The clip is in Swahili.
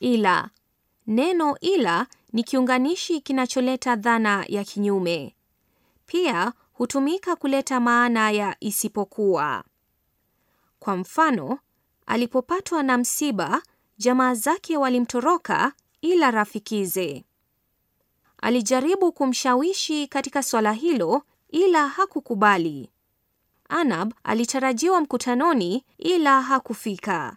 ila. Neno ila ni kiunganishi kinacholeta dhana ya kinyume. Pia hutumika kuleta maana ya isipokuwa. Kwa mfano, alipopatwa na msiba, jamaa zake walimtoroka ila rafikize. Alijaribu kumshawishi katika swala hilo ila hakukubali. Anab alitarajiwa mkutanoni ila hakufika.